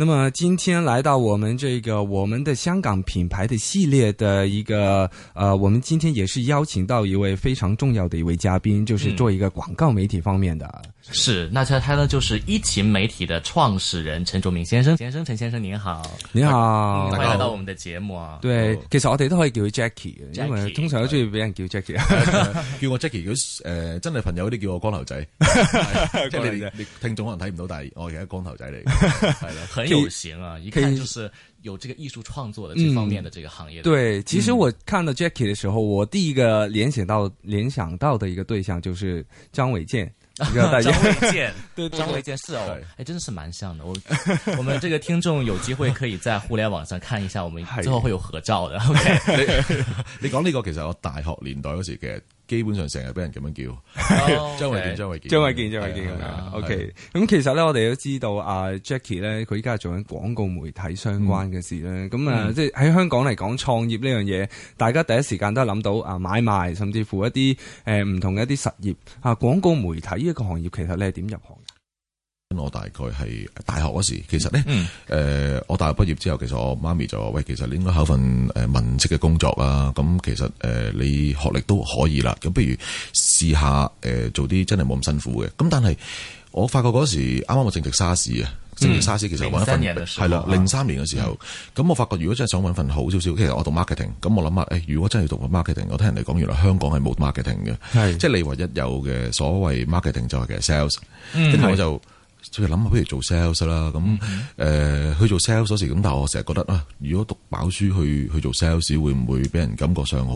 那麼今天來到我們這個我們的香港品牌的系列的一個，呃，我們今天也是邀請到一位非常重要的一位嘉賓，就是做一個廣告媒體方面的是，那他他呢就是一勤媒體的創始人陳卓銘先生，先生陳先生您好，你好，歡迎來到我們的節目啊。對，其實我哋都可以叫 Jackie，因為通常都中意俾人叫 Jackie 叫我 Jackie 如果誒真係朋友嗰啲叫我光頭仔，即係聽眾可能睇唔到，但係我而家光頭仔嚟，係啦。有型啊，一看就是有這個藝術創作的這方面的這個行業，嗯。對，其實我看到 Jackie 的時候，我第一個聯想到聯想到的一個對象就是張衛健，張衛 健， 對，張衛健是哦，哎、欸，真的是蠻像的。我我們這個聽眾有機會可以在互聯網上看一下，我們之後會有合照的。OK，你講這個其實我大學年代嗰時嘅。基本上成日俾人咁樣叫，張衛健、張衛健、張衛健、張衛健咁樣。OK，咁其實咧，我哋都知道阿 Jackie 咧，佢依家做緊廣告媒體相關嘅事咧。咁啊、嗯，即係喺香港嚟講創業呢樣嘢，大家第一時間都係諗到啊，買賣，甚至乎一啲誒唔同嘅一啲實業啊廣告媒體呢一個行業，其實你係點入行？我大概係大學嗰時，其實咧，誒，我大學畢業之後，其實我媽咪就話：喂，其實你應該考份誒文職嘅工作啊。咁其實誒，你學歷都可以啦，咁不如試下誒做啲真係冇咁辛苦嘅。咁但係我發覺嗰時啱啱我正值沙士啊，正值沙士，其實揾一份係啦，零三年嘅時候。咁我發覺如果真係想揾份好少少，其實我讀 marketing，咁我諗下，誒，如果真係要讀 marketing，我聽人哋講，原來香港係冇 marketing 嘅，即係你唯一有嘅所謂 marketing 就係嘅 sales，跟住我就。即係諗下，不如做 sales 啦。咁，誒、呃，去做 sales 嗰時，咁但係我成日覺得啊、呃，如果讀飽書去去做 sales，會唔會俾人感覺上好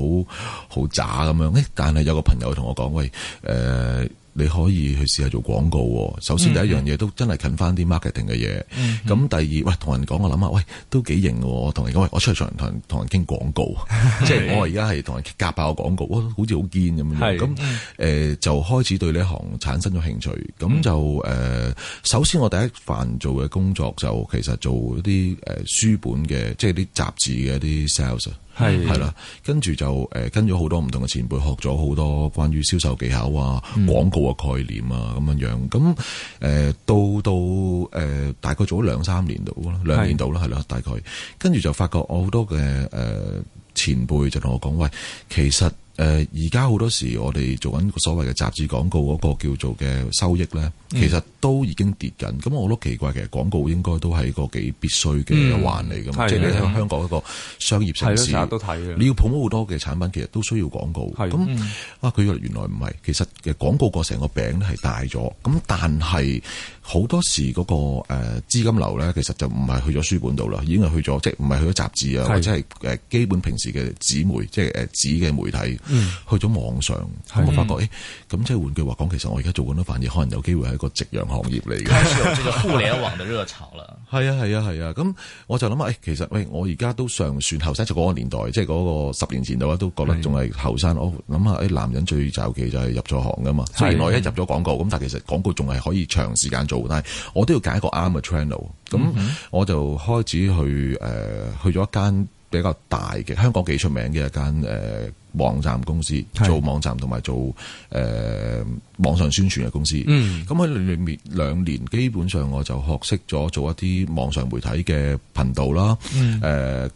好渣咁樣？誒，但係有個朋友同我講，喂，誒、呃。你可以去試下做廣告、哦。首先第一樣嘢、嗯嗯、都真係近翻啲 marketing 嘅嘢。咁、嗯嗯、第二，喂，同人講我諗下，喂，都幾型喎。同人講，喂，我出場同同人傾廣告， 即係我而家係同人夾爆個廣告，好似好堅咁樣。咁誒是、呃、就開始對呢行產生咗興趣。咁就誒、呃，首先我第一份做嘅工作就其實做一啲誒書本嘅，即係啲雜誌嘅一啲 sales。係啦是，跟住就誒、呃、跟咗好多唔同嘅前輩，學咗好多關於銷售技巧啊、嗯、廣告嘅概念啊咁樣樣。咁、呃、誒到到誒、呃、大概做咗兩三年度，啦，兩年度啦，係啦是的，大概。跟住就發覺我好多嘅誒、呃、前輩就同我講：喂，其實。誒，而家好多時我哋做緊所謂嘅雜誌廣告嗰個叫做嘅收益咧，嗯、其實都已經跌緊。咁我都奇怪嘅，廣告應該都係個幾必需嘅一環嚟噶嘛。嗯、即係你喺香港一個商業城市，係啦，都睇嘅。你要捧好多嘅產品，其實都需要廣告。咁啊，佢原來唔係，其實嘅廣告過個成個餅咧係大咗。咁但係好多時嗰個誒資金流咧，其實就唔係去咗書本度啦，已經係去咗，即係唔係去咗雜誌啊的，或者係誒基本平時嘅紙媒，即係誒紙嘅媒體。嗯、去咗網上，咁的我發覺，誒、欸，咁即係換句話講，其實我而家做咁多反而可能有機會係一個夕陽行業嚟嘅。開始有呢個互聯網嘅熱潮啦。係啊，係啊，係啊，咁我就諗下，誒、欸，其實，喂、欸，我而家都尚算後生，就嗰、是、個年代，即係嗰個十年前度啊，都覺得仲係後生。的我諗下，誒、欸，男人最早期就係入咗行噶嘛。所以的，我一入咗廣告，咁但係其實廣告仲係可以長時間做，但係我都要揀一個啱嘅 channel。咁、no, 嗯、哼我就開始去，誒、呃，去咗一間比較大嘅香港幾出名嘅一間，誒、嗯。嗯網站公司做網站同埋做誒、呃、網上宣傳嘅公司，咁喺裏面兩年基本上我就學識咗做一啲網上媒體嘅頻道啦。誒、嗯，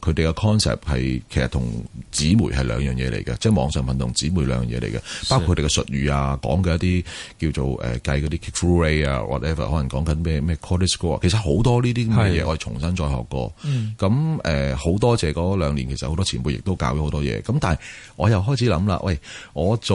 佢哋嘅 concept 係其實同紙媒係兩樣嘢嚟嘅，即係網上頻道、紙媒兩樣嘢嚟嘅，是包括佢哋嘅術語啊、講嘅一啲叫做誒、呃、計嗰啲 free 啊，whatever，可能講緊咩咩 c o r d e g e s c o 啊。其實好多呢啲咁嘅嘢我哋重新再學過。咁誒好多謝嗰兩年，其實好多前輩亦都教咗好多嘢。咁但係我。我又開始諗啦，喂，我做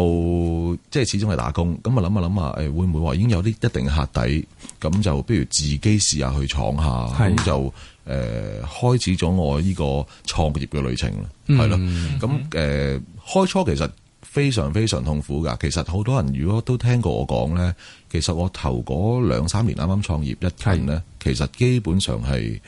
即係始終係打工，咁啊諗下諗下，誒會唔會話已經有啲一定嘅客底，咁就不如自己試下去闖下，咁是就誒、呃、開始咗我呢個創業嘅旅程、嗯、啦，係咯，咁、呃、誒開初其實非常非常痛苦㗎，其實好多人如果都聽過我講咧，其實我頭嗰兩三年啱啱創業一年咧，是其實基本上係。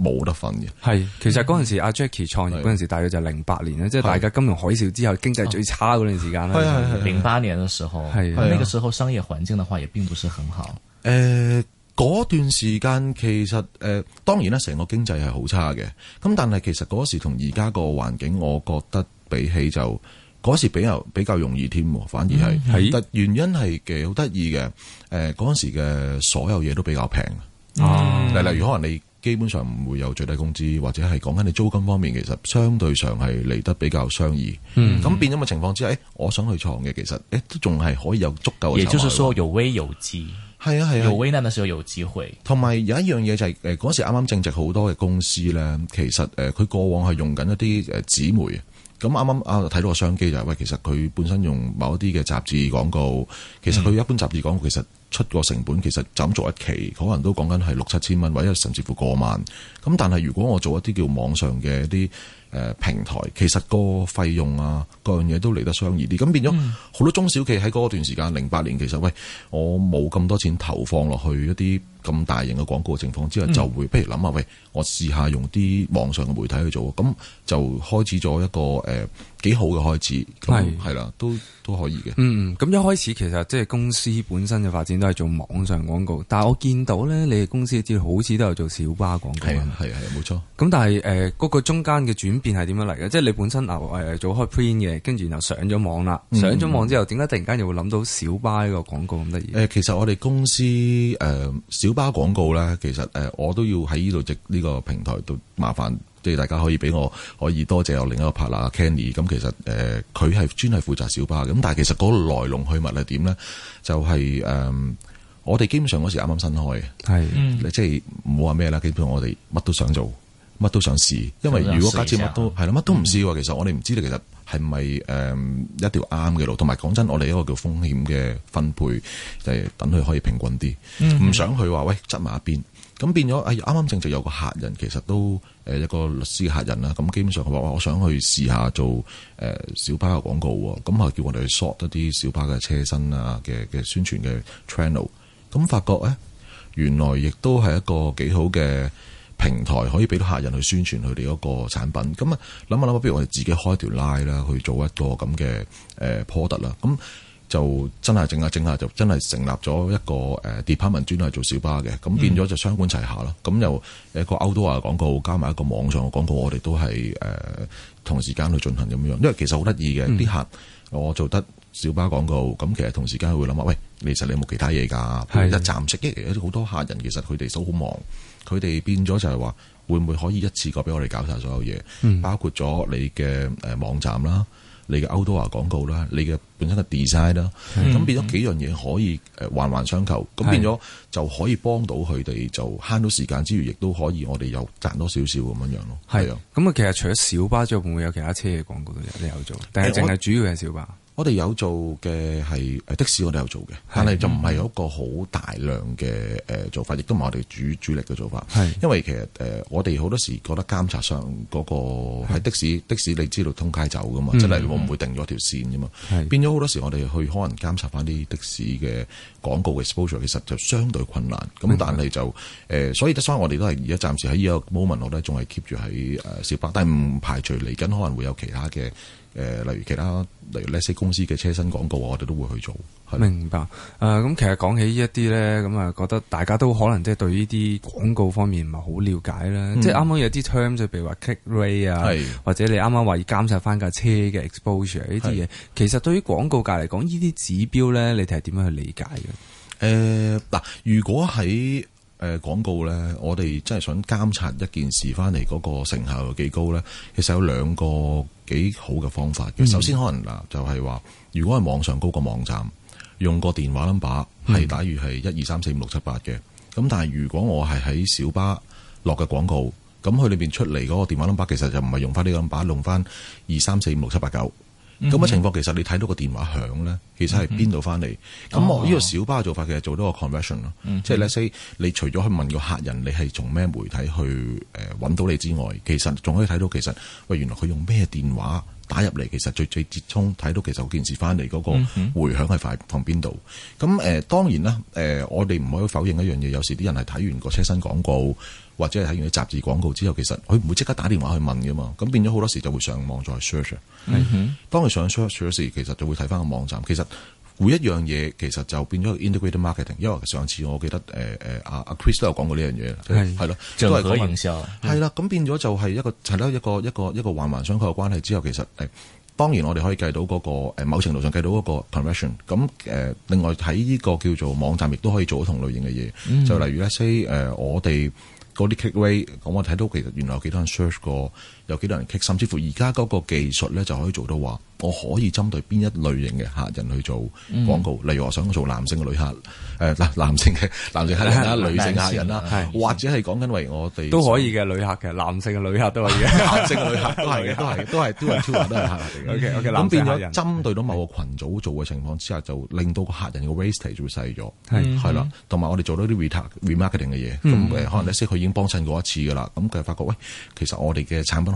冇得瞓嘅，係其實嗰陣時阿 Jacky 創業嗰陣時，大約就零八年啦，即係大家金融海嘯之後經濟最差嗰段時間啦。零八年嘅時候，係呢個時候商業環境的話，也並不是很好。誒，嗰段時間其實誒，當然咧，成個經濟係好差嘅。咁但係其實嗰時同而家個環境，我覺得比起就嗰時比較比較容易添，反而係係原因係嘅，好得意嘅。誒，嗰陣時嘅所有嘢都比較平，例如可能你。基本上唔會有最低工資，或者係講緊你租金方面，其實相對上係嚟得比較相宜。咁、mm hmm. 變咗嘅情況之下，欸、我想去創嘅其實，誒都仲係可以有足夠。也就是說，有危有機，係啊係啊，啊啊有危難嘅時候有機會。同埋有，有一樣嘢就係、是，誒嗰時啱啱正值好多嘅公司咧，其實誒佢、呃、過往係用緊一啲誒紙媒。咁啱啱啊睇到個商機就係喂，其實佢本身用某一啲嘅雜誌廣告，其實佢一般雜誌廣告其實出個成本其實就咁做一期，可能都講緊係六七千蚊，或者甚至乎過萬。咁但係如果我做一啲叫網上嘅一啲誒平台，其實個費用啊各樣嘢都嚟得相宜啲。咁變咗好多中小企喺嗰段時間零八年，其實喂，我冇咁多錢投放落去一啲。咁大型嘅廣告情況之下，就會不、嗯、如諗下，喂，我試下用啲網上嘅媒體去做，咁就開始咗一個誒幾、呃、好嘅開始，係係啦，都都可以嘅。嗯，咁一開始其實即係公司本身嘅發展都係做網上廣告，但係我見到咧，你哋公司資料好似都有做小巴廣告，係係冇錯。咁但係誒嗰個中間嘅轉變係點樣嚟嘅？即係你本身啊誒做開 print 嘅，跟住然後上咗網啦，上咗網之後點解、嗯、突然間又會諗到小巴呢個廣告咁得意？誒，其實我哋公司誒、呃、小。巴廣告咧，其實誒，我都要喺呢度直呢個平台度麻煩，即係大家可以俾我，可以多謝我另一個 partner Kenny。咁其實誒，佢、呃、係專係負責小巴咁，但係其實嗰個來龍去脈係點咧？就係、是、誒、呃，我哋基本上嗰時啱啱新開嘅，係是，嗯、即係唔好話咩啦。基本上我哋乜都想做，乜都想試，因為如果假設乜都係啦，乜、啊、都唔試喎、嗯。其實我哋唔知咧，其實。係咪誒一條啱嘅路？同埋講真，我哋一個叫風險嘅分配，就誒等佢可以平均啲，唔、嗯嗯、想去話喂執埋一邊。咁變咗誒啱啱正就有個客人，其實都誒、呃、一個律師客人啦。咁基本上佢話：我想去試下做誒、呃、小巴嘅廣告喎。咁係叫我哋去 short 一啲小巴嘅車身啊嘅嘅宣傳嘅 channel。咁發覺咧，原來亦都係一個幾好嘅平台可以俾到客人去宣傳佢哋嗰個產品，咁啊諗下諗下，不如我哋自己開一條 line 啦，去做一個咁嘅誒 product 啦。咁、嗯、就真係整下整下，就真係成立咗一個誒 department 專係做小巴嘅。咁變咗就雙管齊下啦。咁、嗯、又一個 outdoor 廣告加埋一個網上嘅廣告，我哋都係誒、呃、同時間去進行咁樣。因為其實好得意嘅啲客，我做得小巴廣告，咁其實同時間會諗下，喂，其實你有冇其他嘢㗎？的一站式，嘅，有好多客人其實佢哋都好忙。佢哋變咗就係話，會唔會可以一次過俾我哋搞晒所有嘢，嗯、包括咗你嘅誒網站啦、你嘅 outdoor 廣告啦、你嘅本身嘅 design 啦、嗯，咁變咗幾樣嘢可以誒環環相扣，咁變咗就可以幫到佢哋，就慳到時間之餘，亦都是可以我哋又賺多少少咁樣樣咯。係啊是，咁啊是其實除咗小巴之外，會唔會有其他車嘅廣告咧？你有做？但係淨係主要係小巴。欸我哋有做嘅係的士，我哋有做嘅，是但係就唔係一個好大量嘅誒、呃、是做法，亦都唔係我哋主主力嘅做法。係因為其實誒、呃，我哋好多時覺得監察上嗰、那個喺的士的士，的士你知道通街走噶嘛，是即係我唔會定咗條線啫嘛。係是變咗好多時，我哋去可能監察翻啲的士嘅廣告嘅 sponsor，其實就相對困難。咁是但係就誒、呃，所以的所以，我哋都係而家暫時喺呢個 moment 度都仲係 keep 住喺誒小巴，但係唔排除嚟緊可能會有其他嘅。誒、呃，例如其他，例如那些公司嘅車身廣告，我哋都會去做。明白。誒、呃，咁其實講起呢一啲咧，咁啊，覺得大家都可能即係對呢啲廣告方面唔係好了解啦。嗯、即係啱啱有啲 term，就譬如話 kick ray 啊的，或者你啱啱話要監察翻架車嘅 exposure 呢啲嘢。的其實對於廣告界嚟講，呢啲指標咧，你哋係點樣去理解嘅？誒，嗱，如果喺誒、呃、廣告呢，我哋真係想監察一件事翻嚟嗰個成效有幾高呢？其實有兩個幾好嘅方法、嗯、首先可能嗱，就係話，如果係網上高個網站用個電話 number，係打如係一二三四五六七八嘅。咁但係如果我係喺小巴落嘅廣告，咁佢裏邊出嚟嗰個電話 number 其實就唔係用翻呢個 number，用翻二三四五六七八九。咁嘅情況、嗯、哼其實你睇到個電話響咧，嗯、哼其實係邊度翻嚟？咁、哦、我呢個小巴嘅做法其實做咗個 conversion 咯、嗯哼，即係 let's say 你除咗去問個客人你係從咩媒體去誒揾到你之外，其實仲可以睇到其實喂，原來佢用咩電話。打入嚟其實最最接觸睇到其實件事翻嚟嗰個迴響係快同邊度？咁誒、呃、當然啦，誒、呃、我哋唔可以否認一樣嘢，有時啲人係睇完個車身廣告或者係睇完啲雜誌廣告之後，其實佢唔會即刻打電話去問㗎嘛。咁變咗好多時就會上網再 search。是當佢上 search 嗰時，其實就會睇翻個網站。其實。每一樣嘢其實就變咗個 integrated marketing，因為上次我記得誒誒阿阿 Chris 都有講過呢的的樣嘢啦，係咯的，就係嗰個營銷，係啦，咁變咗就係一個係啦一個一個一個,一個環環相扣嘅關係。之後其實誒當然我哋可以計到嗰、嗰個、呃、某程度上計到嗰個 conversion。咁、呃、誒另外喺呢個叫做網站亦都可以做咗同類型嘅嘢，嗯、就例如咧 say 誒我哋嗰啲 click rate 咁我睇到其實原來有幾多人 search 過。有幾多人甚至乎而家嗰個技術咧，就可以做到話，我可以針對邊一類型嘅客人去做廣告。嗯、例如，我想做男性嘅旅客，誒、呃、男男性嘅男性客人啦，女性客人啦，或者係講緊為我哋都可以嘅旅客嘅男性嘅旅客都可男性旅客都係嘅，都係都係都係都係客嚟嘅。咁變咗針對到某個群組做嘅情況之下，就令到個客人嘅 waste 係細咗，係係啦。同埋我哋做到啲 remarketing 嘅嘢，咁、嗯、可能即係佢已經幫襯過一次㗎啦。咁佢發覺，喂，其實我哋嘅產品。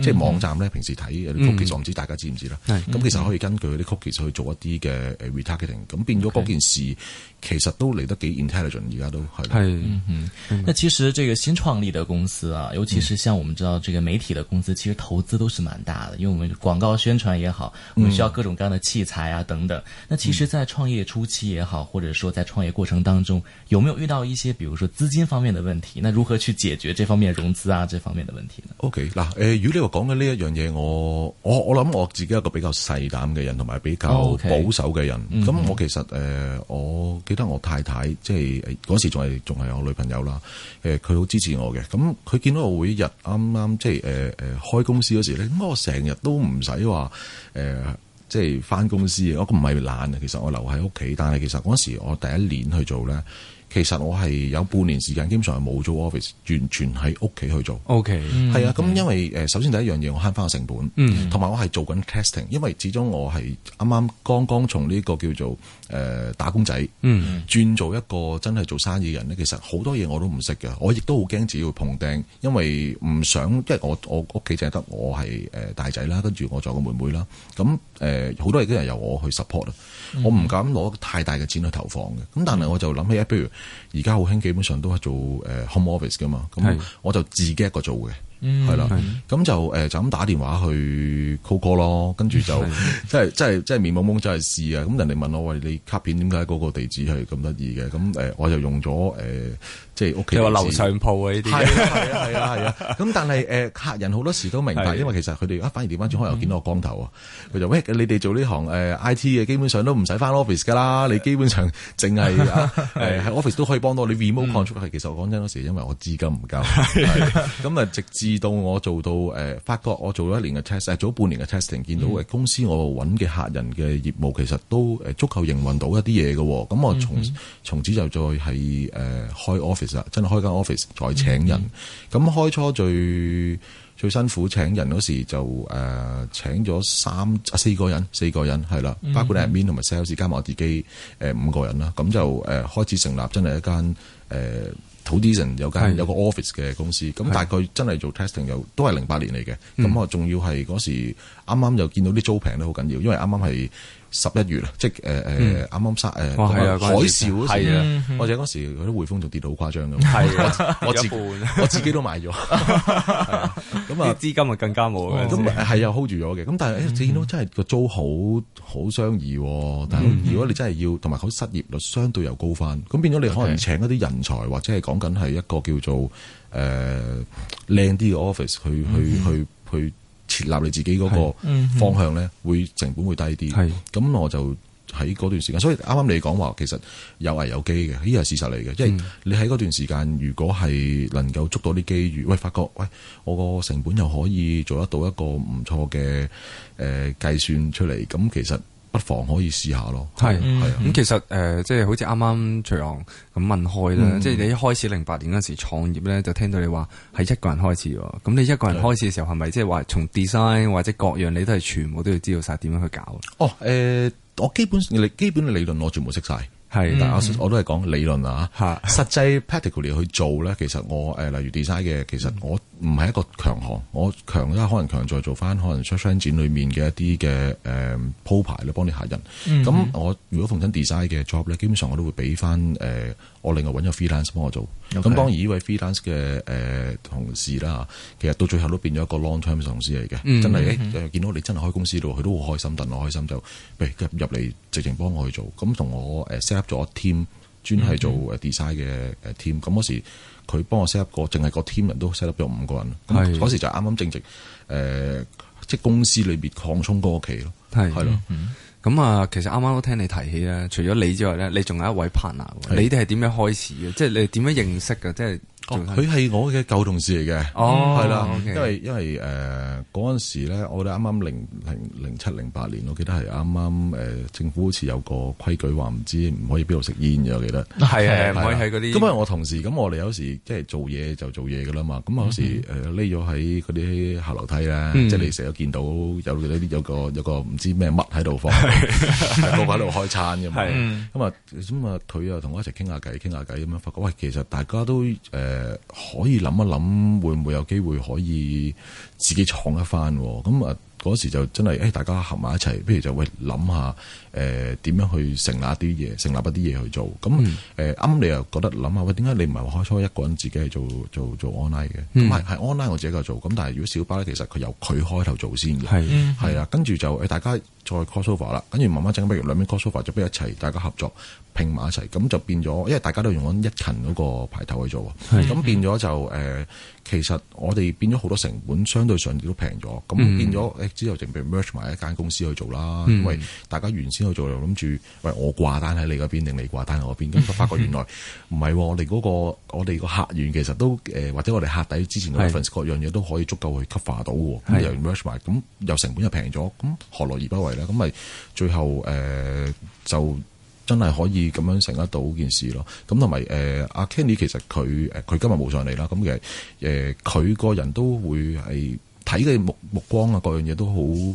即係網站呢，平時睇嗰啲曲奇狀唔知大家知唔知啦？咁、嗯、哼其實可以根據嗰啲曲奇去做一啲嘅 retargeting，咁變咗嗰件事其實都嚟得幾 intelligent，而家都係。係，嗯哼。那，那其實這個新創立嘅公司啊，尤其是像我們知道這個媒體的公司，嗯、其實投資都是蠻大的，因為我們廣告宣傳也好，我們需要各種各樣的器材啊等等。嗯、那其實在創業初期也好，或者說在創業過程當中，有沒有遇到一些，比如說資金方面嘅問題？那如何去解決這方面融資啊，這方面嘅問題呢？OK，嗱，呃呃即係講緊呢一樣嘢，我我我諗我自己係一個比較細膽嘅人，同埋比較保守嘅人。咁、okay. mm hmm. 我其實誒，我記得我太太即係嗰時仲係仲係我女朋友啦。誒，佢好支持我嘅。咁佢見到我每日啱啱即係誒誒開公司嗰時，咁我成日都唔使話誒，即係返公司。我唔係懶啊，其實我留喺屋企。但係其實嗰時我第一年去做咧。其實我係有半年時間，基本上係冇做 office，完全喺屋企去做。OK，係啊，咁因為誒、呃，首先第一樣嘢，我慳翻個成本，同埋、mm hmm. 我係做緊 casting，因為始終我係啱啱剛剛從呢個叫做誒、呃、打工仔、mm hmm. 轉做一個真係做生意嘅人咧，其實好多嘢我都唔識嘅，我亦都好驚自己會碰釘，因為唔想即係我我屋企淨係得我係誒大仔啦，跟住我仲有個妹妹啦，咁誒好多嘢都係由我去 support、mm hmm. 我唔敢攞太大嘅錢去投放嘅，咁但係我就諗起，譬如。譬如而家好興，基本上都係做誒 home office 噶嘛，咁我就自己一個做嘅，係啦的，咁的就誒就咁打電話去 call call 咯，跟住就即係即係即係面懵懵就係試啊，咁人哋問我喂你卡片點解嗰個地址係咁得意嘅，咁誒我就用咗誒。呃即係屋企，你樓上鋪嘅呢啲係啊係啊係啊係啊！咁但係誒、呃、客人好多時都明白， 因為其實佢哋啊反而調翻轉可能又見到個光頭啊！佢、嗯、就喂你哋做呢行誒、呃、IT 嘅基本上都唔使返 office 㗎啦，你基本上淨係誒喺 office 都可以幫到你 remote control 係。其實我講真嗰時，因為我資金唔夠，咁啊直至到我做到誒、呃、發覺我做咗一年嘅 test，誒、呃、做咗半年嘅 testing，見到、嗯、公司我揾嘅客人嘅業務其實都誒足夠營運到一啲嘢嘅，咁我從、嗯、哼從，從此就再係誒、呃、開 office。真係開間 office 再請人，咁、嗯、開初最最辛苦請人嗰時就誒請咗三四個人，四個人係啦，包括 admin 同埋 sales 加埋我自己誒、呃、五個人啦。咁就誒、呃、開始成立真係一間誒土 dison 有間有個 office 嘅公，公司。咁的大概真係做 testing 又都係零八年嚟嘅。咁我仲要係嗰時。啱啱又見到啲租平都好緊要，因為啱啱係十一月啊，即係誒誒啱啱沙誒海嘯嗰時啊，或者嗰時嗰啲匯豐仲跌到好誇張嘅，係我自己都買咗，咁啊資金啊更加冇，都係啊 hold 住咗嘅。咁但係誒見到真係個租好好相宜，但係如果你真係要同埋佢失業率相對又高翻，咁變咗你可能請一啲人才或者係講緊係一個叫做誒靚啲嘅 office 去去去去。設立你自己嗰個方向呢，會成本會低啲。咁、嗯、我就喺嗰段時間，所以啱啱你講話，其實有危有機嘅，呢個係事實嚟嘅。即係你喺嗰段時間，如果係能夠捉到啲機遇，喂，發覺喂，我個成本又可以做得到一個唔錯嘅誒計算出嚟，咁其實。不妨可以試下咯，係，咁其實誒，即係、嗯呃就是、好似啱啱徐昂咁問開啦，嗯、即係你一開始零八年嗰時創業咧，就聽到你話係一個人開始喎，咁你一個人開始嘅時候，係咪即係話從 design 或者各樣你都係全部都要知道晒點樣去搞？哦，誒、呃，我基本理基本理論我全部識晒。係，但係我都係講理論啊，嚇、啊，實際 practically 去做咧，其實我誒，例如 design 嘅，其實我。呃唔係一個強項，我強咧可能強在做翻可能 shopfront 展裡面嘅一啲嘅誒鋪排咧，幫啲客人。咁、嗯、哼我如果逢親 design 嘅 job 咧，基本上我都會俾翻誒，我另外揾咗 freelance 幫我做。咁當然呢位 freelance 嘅誒、呃、同事啦，其實到最後都變咗一個 long term 上司嚟嘅，嗯、哼真係誒見到你真係開公司度，佢都好開心，等我開心就入嚟直情幫我去做，咁同我誒 set up 咗 team。專係做 design 嘅 team，咁嗰時佢幫我 set up 個，淨係個 team 人都 set up 咗五個人。咁嗰的時就啱啱正值誒，即、呃、係、就是、公司裏邊擴充個期咯，係咯。咁啊，其實啱啱都聽你提起咧，除咗你之外咧，你仲有一位 partner 的。你哋係點樣開始嘅？即係、嗯、你點樣認識嘅？即係、嗯。佢係我嘅舊同事嚟嘅，哦，係啦，因為因為誒嗰陣時咧，我哋啱啱零零零七零八年，我記得係啱啱誒政府好似有個規矩話唔知唔可以邊度食煙嘅，我記得係唔可以喺啲咁啊，我同事咁我哋有時即係做嘢就做嘢噶啦嘛，咁有時誒匿咗喺嗰啲下樓梯咧，即係你成日見到有嗰啲有個有個唔知咩乜喺度放，個個喺度開餐嘅咁啊咁啊，佢又同我一齊傾下偈傾下偈咁樣，發覺喂，其實大家都誒。誒，可以諗一諗，會唔會有機會可以自己闖一番咁啊，嗰時就真係，誒、哎，大家合埋一齊，不如就喂諗下，誒，點、呃、樣去成立一啲嘢，成立一啲嘢去做。咁誒，啱、呃嗯、你又覺得諗下，喂，點解你唔係開初一個人自己係做做做，做 online 嘅？咁係係 online 我自己夠做。咁但係如果小巴呢，其實佢由佢開頭做先嘅，係係啦。跟住就誒，大家再 call sofa 啦，跟住慢慢整不如兩邊 call sofa 就不一齊，大家合作。拼埋一齊，咁就變咗，因為大家都用緊一勤嗰個排頭去做，咁是的 變咗就誒、呃，其實我哋變咗好多成本，相對上亦都平咗。咁、嗯、變咗誒之後，直接 merge 埋一間公司去做啦。因為、嗯、大家原先去做又諗住，喂，我掛單喺你嗰邊定你掛單喺我邊，咁發覺原來唔係、嗯啊、我哋嗰、那個我哋個客源其實都誒、呃，或者我哋客底之前嗰份是的 各樣嘢都可以足夠去 cover 到嘅，咁又 merge 埋，咁又成本又平咗，咁何樂而不為咧？咁咪最後誒、呃呃、就。呃就呃就呃呃真係可以咁樣成得到件事咯。咁同埋誒、呃、阿 Kenny 其實佢誒佢今日冇上嚟啦。咁其實誒佢個人都會係睇嘅目目光啊，各樣嘢都好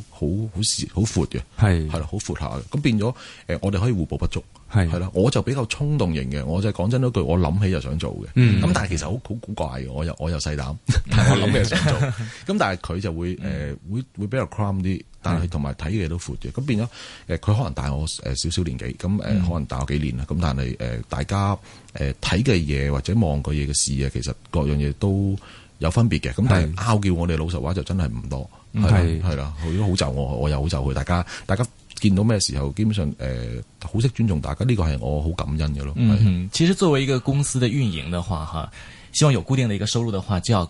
好好視好闊嘅，係係啦，好闊下嘅。咁變咗誒、呃，我哋可以互補不足。係啦，我就比較衝動型嘅，我就講真嗰句，我諗起就想做嘅。咁、嗯、但係其實好好古怪嘅，我又我又細膽，但係我諗起就想做。咁是的 但係佢就會誒、呃、會會比較 calm 啲，但係同埋睇嘅嘢都闊嘅。咁變咗誒，佢、呃、可能大我誒少少年紀，咁、呃、誒可能大我幾年啦。咁但係誒大家誒睇嘅嘢或者望個嘢嘅事啊，其實各樣嘢都有分別嘅。咁但係拗撬我哋老實話就真係唔多，係係啦，佢好就我，我又好就佢，大家大家。見到咩時候，基本上誒，好、呃、識尊重大家，呢個係我好感恩嘅咯。嗯嗯，其實作為一個公司的運營的話，哈，希望有固定的一個收入的話，就要。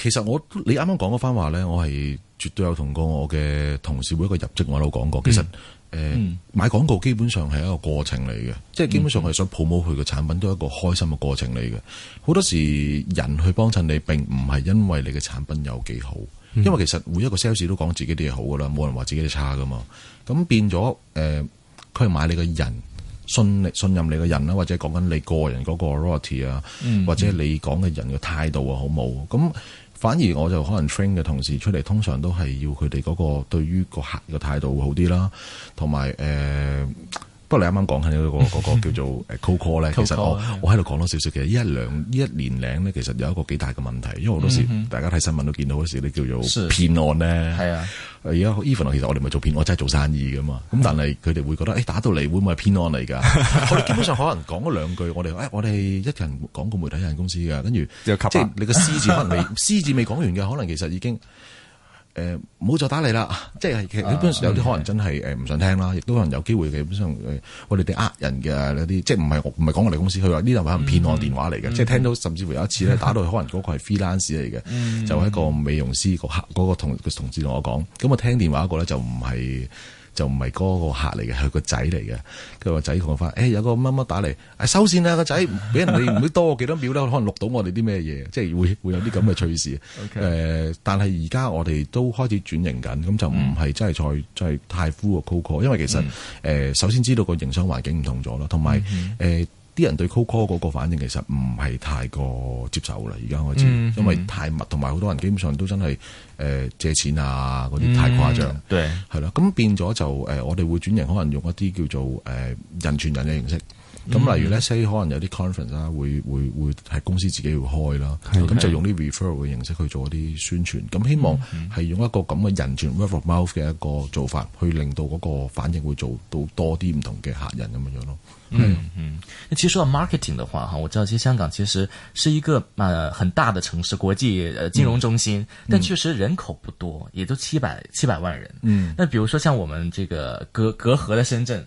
其實我，你啱啱講嗰番話咧，我係絕對有同過我嘅同事會一個入職我都有講過。其實誒、嗯呃、買廣告基本上係一個過程嚟嘅，嗯、即係基本上係想抱 r 佢個產品都一個開心嘅過程嚟嘅。好多時人去幫襯你，並唔係因為你嘅產品有幾好，嗯、因為其實每一個 sales 都講自己啲嘢好噶啦，冇人話自己啲差噶嘛。咁變咗誒，佢、呃、係買你嘅人信信任你嘅人啦，或者講緊你個人嗰個 loyalty 啊，嗯、或者你講嘅人嘅態度啊，好冇咁。反而我就可能 train 嘅同事出嚟，通常都係要佢哋嗰個對於個客嘅態度會好啲啦，同埋誒，呃不過你啱啱講緊嗰個叫做誒 cold call 咧，其實我我喺度講多少少，其實一兩一年零咧，其實有一個幾大嘅問題，因為好多時大家睇新聞都見到嗰時咧叫做騙案咧，係啊，而家 even 其實我哋唔係做騙案，我真係做生意噶嘛，咁但係佢哋會覺得誒打到嚟會唔會係騙案嚟㗎？我哋基本上可能講嗰兩句，我哋誒我哋一勤廣告媒體有限公司嘅，跟住即係你個獅字可能未獅字未講完嘅，可能其實已經。誒，唔好再打嚟啦，即係其實有啲可能真係誒唔想聽啦，亦都可能有機會嘅，基本上誒我哋哋呃人嘅啲，即係唔係唔係講我哋公司，佢話呢度係可能騙案電話嚟嘅，嗯、即係聽到甚至乎有一次咧、嗯、打到可能嗰個係 freelance 嚟嘅，嗯、就係一個美容師個客、嗰個同、嗰個、同事同我講，咁我聽電話一個咧就唔係。就唔係嗰個客嚟嘅，係個仔嚟嘅。佢話仔同我翻，誒、欸、有個乜乜打嚟、哎，收先線啦個仔，俾人哋唔會多幾多秒啦，可能錄到我哋啲咩嘢，即係會會有啲咁嘅趣事。誒 Okay.、呃，但係而家我哋都開始轉型緊，咁就唔係真係再再太 focus cold call 因為其實誒、嗯呃、首先知道個營商環境唔同咗咯，同埋誒。嗯嗯呃啲人對 COCO 嗰個，反應其實唔係太過接受啦。而家開始，mm hmm. 因為太密，同埋好多人基本上都真係誒、呃、借錢啊嗰啲太誇張，係啦、mm。咁、hmm. 變咗就誒、呃，我哋會轉型，可能用一啲叫做誒、呃、人傳人嘅形式。咁、嗯、例如呢 say 可能有啲 conference 啦，會會會係公司自己會開啦，咁是就用啲 referral 嘅形式去做一啲宣傳，咁的、嗯、希望係用一個咁嘅人傳 word of mouth 嘅一個做法，去令到嗰個反應會做到多啲唔同嘅客人咁樣樣咯。嗯嗯，其實說到 marketing 嘅話哈，我知道其實香港其實是一個啊很大的城市，國際金融中心，嗯、但確實人口不多，也都七百七百萬人。嗯，那比如說像我們這個隔隔河的深圳。嗯。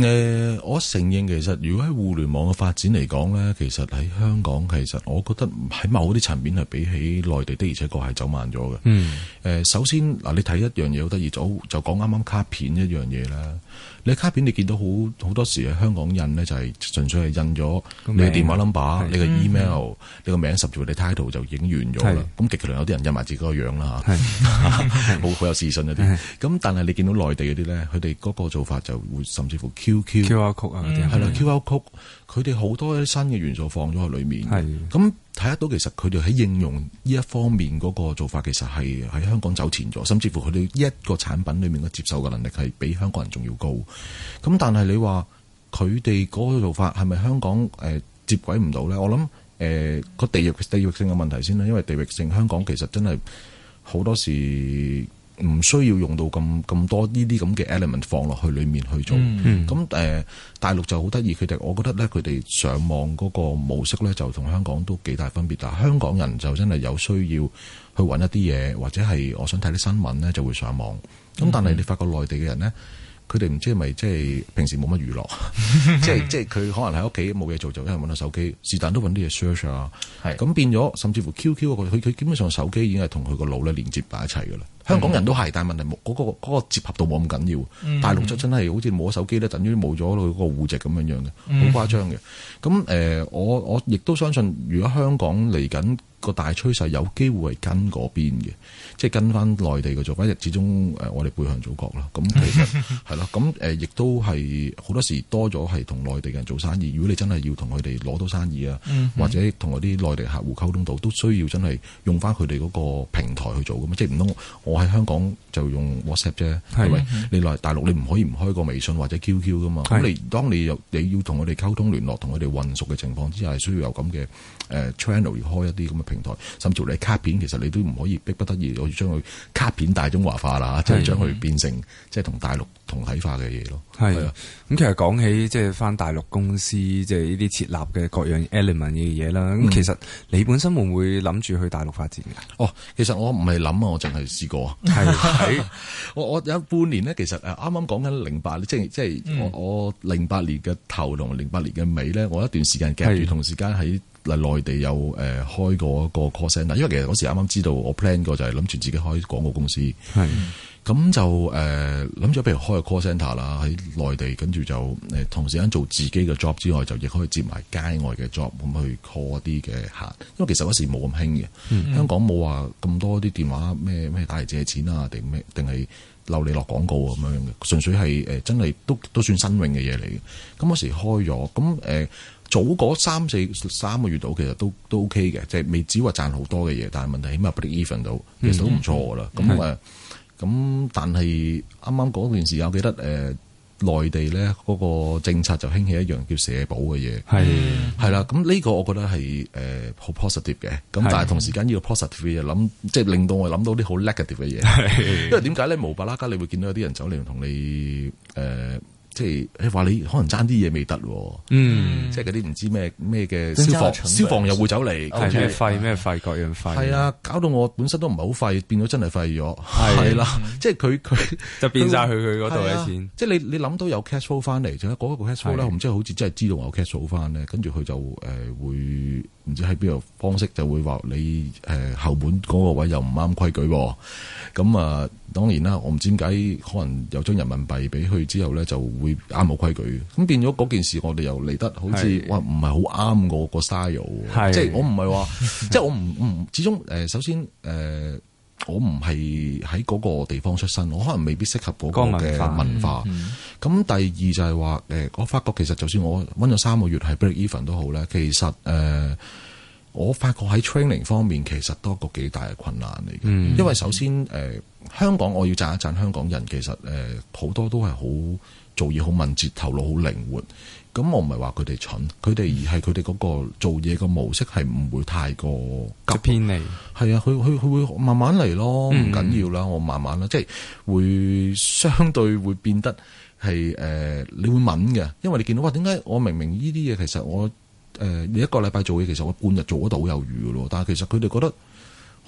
誒、呃，我承認其實，如果喺互聯網嘅發展嚟講呢，其實喺香港，其實我覺得喺某啲層面係比起內地的，而且確係走慢咗嘅。誒、嗯呃，首先嗱、呃，你睇一樣嘢好得意，就就講啱啱卡片一樣嘢啦。你卡片你見到好好多時，喺香港印咧就係純粹係印咗你電話 number、你嘅 email、你個名十字你 title 就影完咗啦。咁極其有啲人印埋自己個樣啦嚇，好好有自信一啲。咁但係你見到內地嗰啲咧，佢哋嗰個做法就會甚至乎 QQ、QR code 啊啲係啦 QR code。佢哋好多一啲新嘅元素放咗去裏面，咁睇得到其實佢哋喺應用呢一方面嗰個做法，其實係喺香港走前咗，甚至乎佢哋一個產品裏面嘅接受嘅能力係比香港人仲要高。咁但係你話佢哋嗰個做法係咪香港誒、呃、接軌唔到咧？我諗誒個地域地域性嘅問題先啦，因為地域性香港其實真係好多時。唔需要用到咁咁多呢啲咁嘅 element 放落去裏面去做、mm，咁、hmm. 誒、呃、大陸就好得意，佢哋，我覺得咧佢哋上網嗰個模式咧就同香港都幾大分別。但係香港人就真係有需要去揾一啲嘢，或者係我想睇啲新聞咧就會上網。咁、mm hmm. 但係你發覺內地嘅人咧，佢哋唔知係咪即係平時冇乜娛樂， 即係即係佢可能喺屋企冇嘢做就一人揾下手機，是但都揾啲嘢 search 啊，咁是變咗，甚至乎 QQ 佢佢基本上手機已經係同佢個腦咧連接埋一齊㗎啦。香港人都係，嗯、但係問題冇嗰、嗯嗰個接合度冇咁緊要。嗯、大陸就真係好似冇咗手機咧，等於冇咗佢個戶籍咁樣樣嘅，好誇張嘅。咁誒、嗯呃，我我亦都相信，如果香港嚟緊個大趨勢有機會係跟嗰邊嘅，即係跟翻內地嘅做法，因為始終誒我哋背向祖國啦。咁其實係啦，咁誒、呃、亦都係好多時多咗係同內地嘅人做生意。如果你真係要同佢哋攞到生意啊，或者同嗰啲內地客戶溝通到，都需要真係用翻佢哋嗰個平台去做噶即係唔通我？我喺香港就用 WhatsApp 啫，係咪？啊？你來大陸，你唔可以唔開個微信或者 QQ 噶嘛？咁你是的 當你又你要同我哋溝通聯絡，同我哋混熟嘅情況之下，係需要有咁嘅誒 channel，要開一啲咁嘅平台。甚至乎你卡片，其實你都唔可以逼不得已，我要將佢卡片大中華化啦，即係將佢變成即係同大陸同體化嘅嘢咯。係啊，咁其實講起即係翻大陸公司，即係呢啲設立嘅各樣 element 嘅嘢啦。咁其實你本身會唔會諗住去大陸發展噶、嗯？哦，其實我唔係諗啊，我淨係試過。係喺我我有半年咧，其實誒啱啱講緊零八年，即係即係我我零八年嘅頭同零八年嘅尾咧，我一段時間夾住，是同時間喺嚟內地有誒、呃、開過一個 call center，因為其實嗰時啱啱知道我 plan 過就係諗住自己開廣告公司係。是 咁就誒諗住，譬、呃、如開個 call centre e 啦，喺內地，跟住就誒、呃、同時間做自己嘅 job 之外，就亦可以接埋街外嘅 job，咁去 call 啲嘅客。因為其實嗰時冇咁興嘅，嗯嗯香港冇話咁多啲電話咩咩打嚟借錢啊，定咩定係留你落廣告啊咁樣嘅，純粹係誒、呃、真係都都算新穎嘅嘢嚟嘅。咁嗰時開咗，咁誒、呃、早嗰三四三個月度，其實都都 OK 嘅，即係未只話賺好多嘅嘢，但係問題起碼 break even 到，其實都唔錯噶啦。咁誒。咁但係啱啱嗰段時間，我記得誒、呃、內地咧嗰個政策就興起一樣叫社保嘅嘢，係係啦。咁呢、嗯、個我覺得係誒好 positive 嘅，咁但係同時間呢個 positive 嘅諗，即係的令到我諗到啲好 negative 嘅嘢，的因為點解咧？無啦啦，你會見到有啲人走嚟同你誒。呃即係誒話你可能爭啲嘢未得喎，嗯，即係嗰啲唔知咩咩嘅消防消防又會走嚟，咩費咩費各樣費，係啊，搞到我本身都唔係好費，變到真係費咗，係啦，即係佢佢就變晒去佢嗰度嘅錢，即係你你諗到有 cash flow 翻嚟，就有、是、嗰個 cash flow 咧的，我唔知好似真係知道我 cash flow 翻咧，跟住佢就誒、呃、會。唔知喺邊度方式就會話你誒、呃、後門嗰個位又唔啱規矩喎、啊，咁、嗯、啊當然啦，我唔知點解可能又將人民幣俾佢之後咧就會啱冇規矩、啊，咁變咗嗰件事我哋又嚟得好似的哇唔係好啱我個 style 喎， 即係我唔係話，即係我唔唔始終誒、呃、首先誒。呃我唔係喺嗰個地方出身，我可能未必適合嗰個嘅文化。咁第二就係話，誒我發覺其實就算我温咗三個月係 break even 都好咧，其實誒、呃、我發覺喺 training 方面其實多個幾大嘅困難嚟嘅。嗯、因為首先誒、呃、香港我要讚一讚香港人，其實誒好、呃、多都係好做嘢好敏捷，頭腦好靈活。咁我唔係話佢哋蠢，佢哋而係佢哋嗰個做嘢個模式係唔會太過急，偏離係啊！佢佢佢會慢慢嚟咯，唔緊要啦，我慢慢啦，即係會相對會變得係誒、呃，你會敏嘅，因為你見到哇，點解我明明呢啲嘢其實我誒你、呃、一個禮拜做嘢，其實我半日做得到好有餘嘅咯，但係其實佢哋覺得。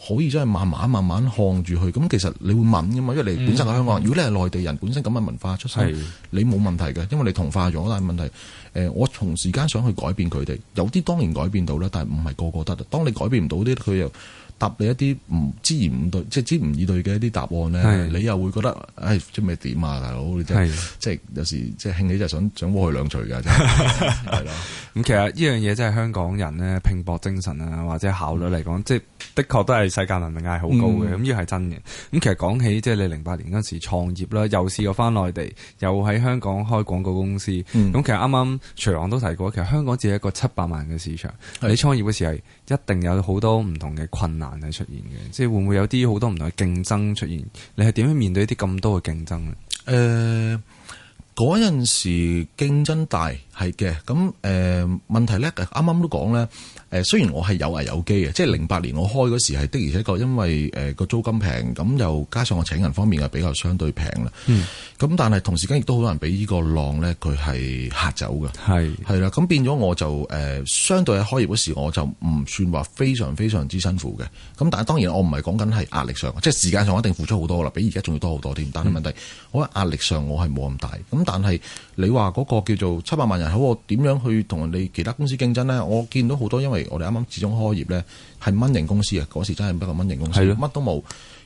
可以真係慢慢慢慢看住佢，咁其實你會敏感㗎嘛，因為你本身係香港、嗯、如果你係內地人，本身咁嘅文化出身，嗯、你冇問題嘅，因為你同化咗，但係問題，誒，我從時間上去改變佢哋，有啲當然改變到啦，但係唔係個個得。當你改變唔到啲，佢又。答你一啲唔知言唔對，即係知唔易對嘅一啲答案咧，你又會覺得，誒，即咩點啊，大佬？你真係即係有時即係興起就係想想摸佢兩錘嘅，真係咯。咁其實呢樣嘢真係香港人咧，拼搏精神啊，或者效率嚟講，即係的確都係世界能力係好高嘅。咁呢個係真嘅。咁其實講起即係你零八年嗰陣時創業啦，又試過翻內地，又喺香港開廣告公司。咁其實啱啱徐朗都提過，其實香港只係一個七百萬嘅市場。你創業嗰時係。一定有好多唔同嘅困難係出現嘅，即係會唔會有啲好多唔同嘅競爭出現？你係點樣面對啲咁多嘅競爭咧？誒、呃，嗰陣時競爭大係嘅，咁誒、呃，問題咧，啱啱都講咧。誒，雖然我係有危有機嘅，即係零八年我開嗰時係的而且確，因為誒個租金平，咁又加上我請人方面係比較相對平啦。咁、嗯、但係同時間亦都好多人俾呢個浪咧，佢係嚇走嘅。係係啦，咁變咗我就誒，相對喺開業嗰時，我就唔算話非常非常之辛苦嘅。咁但係當然我唔係講緊係壓力上，即係時間上一定付出好多啦，比而家仲要多好多添。但係問題，嗯、我覺得壓力上我係冇咁大。咁但係你話嗰個叫做七百萬人口，我點樣去同人哋其他公司競爭咧？我見到好多因為。我哋啱啱始終開業咧，係蚊型公司啊！嗰時真係不過蚊型公司，乜的都冇。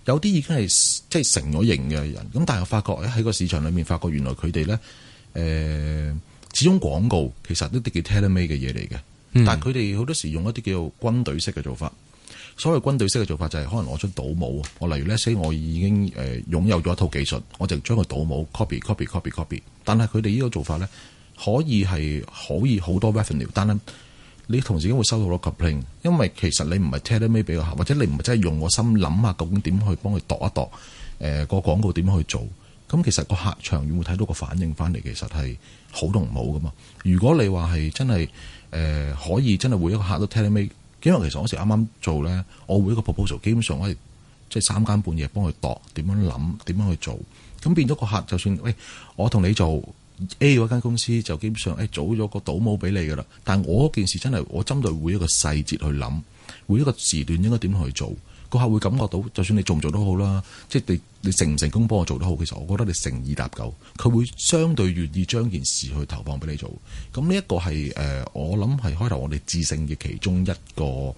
有啲已經係即係成咗型嘅人，咁但係我發覺喺個市場裏面發覺，發覺原來佢哋咧，誒始終廣告其實都啲叫 telemate 嘅嘢嚟嘅。嗯、但係佢哋好多時用一啲叫軍隊式嘅做法。所謂軍隊式嘅做法就係、是、可能我出倒模，我例如 let's say 我已經誒擁有咗一套技術，我就將個倒模 copy copy copy copy，但係佢哋呢個做法咧，可以係可以好多 revenue，但你同事已經會收到好多 complain，因為其實你唔係 tailor-made 俾個客，或者你唔係真係用個心諗下究竟點去幫佢度一度，誒、呃、個廣告點去做？咁、嗯、其實個客長遠會睇到個反應翻嚟，其實係好同唔好噶嘛？如果你話係真係誒、呃、可以真係每一個客都 tailor-made 因為其實嗰時啱啱做咧，我每一個 proposal 基本上我係即係三更半夜幫佢度，點樣諗，點樣去做？咁、嗯、變咗個客就算喂、欸，我同你做。A 嗰間公司就基本上誒、哎，做咗個倒模俾你噶啦。但我件事真係我針對每一個細節去諗，每一個時段應該點去做，個客會感覺到，就算你做唔做都好啦。即係你你成唔成功幫我做得好，其實我覺得你誠意搭救，佢會相對願意將件事去投放俾你做。咁呢一個係誒、呃，我諗係開頭我哋致勝嘅其中一個。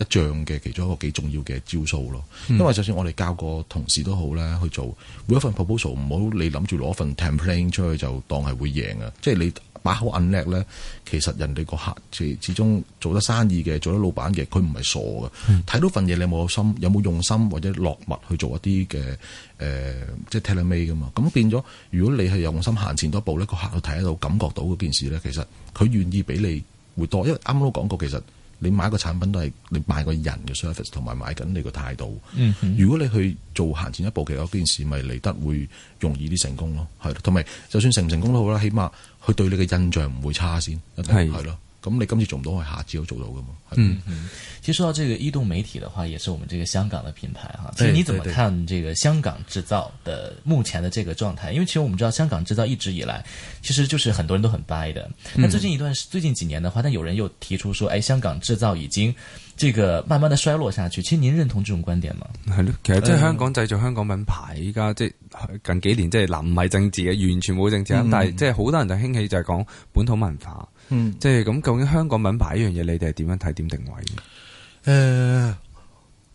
一仗嘅其中一個幾重要嘅招數咯，因為就算我哋教過同事都好咧，去做每一份 proposal，唔好你諗住攞份 template 出去就當係會贏啊！即係你把口好叻咧，其實人哋個客始終做得生意嘅，做得老闆嘅，佢唔係傻嘅，睇、嗯、到份嘢你有冇心，有冇用心或者落墨去做一啲嘅誒，即、呃、係、就是、tailor-made 噶嘛。咁變咗，如果你係有用心行前多步咧，個客都睇得到感覺到嗰件事咧，其實佢願意俾你會多，因為啱啱都講過其實。你買個產品都係你買個人嘅 service，同埋買緊你個態度。嗯、哼如果你去做行前一步其實嗰件事，咪嚟得會容易啲成功咯，係同埋就算成唔成功都好啦，起碼佢對你嘅印象唔會差先，一定係咯。咁你今次做唔到，佢下次都做到噶嘛？嗯嗯。其實說到這個移動媒體的話，也是我們這個香港的品牌哈。其實你怎麼看這個香港製造的目前的這個狀態？因為其實我們知道香港製造一直以來，其實就是很多人都很 by 的。那最近一段，最近幾年的話，但有人又提出說，誒、哎，香港製造已經這個慢慢的衰落下去。其實您認同這種觀點嗎？係咯，其實即係香港製造香港品牌，依家即係近幾年即係嗱，唔係政治嘅，完全冇政治，嗯、但係即係好多人就興起就係講本土文化。嗯，即係咁，究竟香港品牌呢樣嘢，你哋係點樣睇？點定位？誒，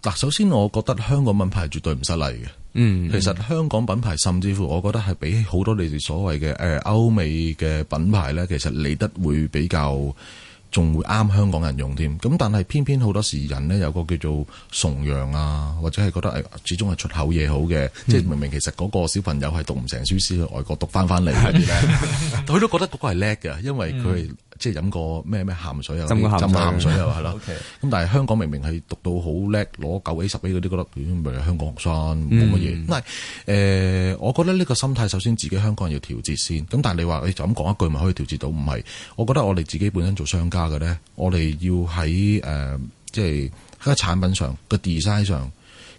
嗱，首先我覺得香港品牌係絕對唔失禮嘅。嗯，其實香港品牌甚至乎，我覺得係比好多你哋所謂嘅誒歐美嘅品牌咧，其實嚟得會比較，仲會啱香港人用添。咁但係偏偏好多時人咧，有個叫做崇洋啊，或者係覺得係始終係出口嘢好嘅，即係明明其實嗰個小朋友係讀唔成書先去外國讀翻翻嚟嗰啲咧，佢都覺得嗰個係叻嘅，因為佢。即係飲過咩咩鹹水啊，浸個鹹水又係咯。咁但係香港明明係讀到好叻，攞九 A 十 A 嗰啲，覺得，嗯、哎，咪係香港學生冇乜嘢。唔係誒，我覺得呢個心態首先自己香港人要調節先。咁但係你話你、欸、就咁講一句，咪可以調節到？唔係，我覺得我哋自己本身做商家嘅咧，我哋要喺誒、呃，即係喺個產品上嘅 design 上，